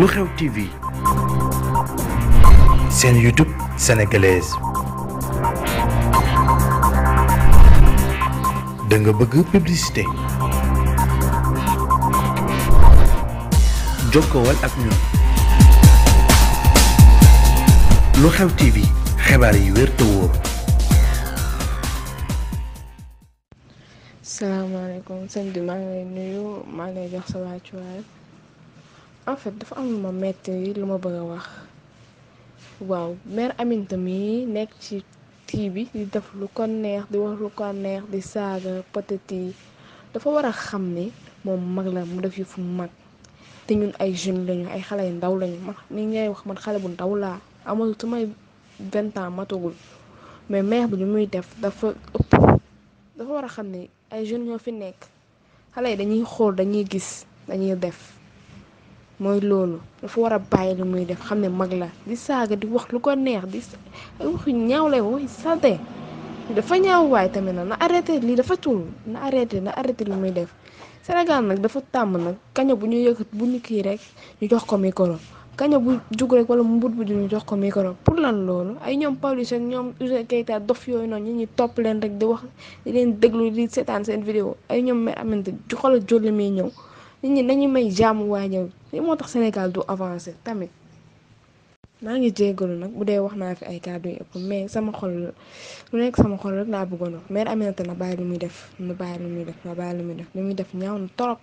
lu xew TV seen YouTube sénégalaise da nga bëgg publicité jokkowal ak ñun lu xew TV xibaar yi wér te wóor. salaamaaleykum sëñ bi maa ngi lay nuyu maa ngi lay jox sa en fait dafa am lu ma metti lu ma bëgg a wax waaw mère Aminta mi nekk ci tii bi di def lu ko neex di wax lu ko neex di saaga patati dafa war a xam ni moom mag la mu def yi fu mag te ñun ay jeunes lañu ay xale yu ndaw lañu man ni ngay wax man xale bu ndaw laa amul su may vingt ans matagul mais mère bi ñu muy def dafa ëpp dafa war a xam ni ay jeunes ñoo fi nekk xale yi dañuy xool dañuy gis dañuy def mooy loolu dafa war a bàyyi li muy def xam ne mag la di saaga di wax lu ko neex di wax yu ñaaw lay dafa ñaaw waaye tamit na na arrêté lii dafa tul na arrêté na arrêté li muy def Sénégal nag dafa tàmm nag kaña bu ñu yëkkat bu ñu kii rek ñu jox ko micro kaña bu jug rek wala mbut bu ñu jox ko micro pour lan loolu ay ñoom Pawlish ak ñoom Ouzin Keita dof yooyu noonu ñu ñu topp leen rek di wax di leen déglu lii seetaan seen vidéo ay ñoom mer amante xoolal jolli muy ñëw nit ñi nañu may jàmm waa ñëw li moo tax Sénégal du avancer tamit maa ngi jéggalu nag bu dee wax naa fi ay kàddu yu ëpp mais sama xol lu nekk sama xol rek naa bëggoon wax mère Aminata na bàyyi lu muy def na bàyyi lu muy def na bàyyi lu muy def lu muy def ñaaw na torop